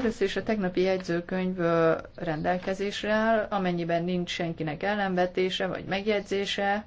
Először is a tegnapi jegyzőkönyv rendelkezésre áll, amennyiben nincs senkinek ellenvetése vagy megjegyzése,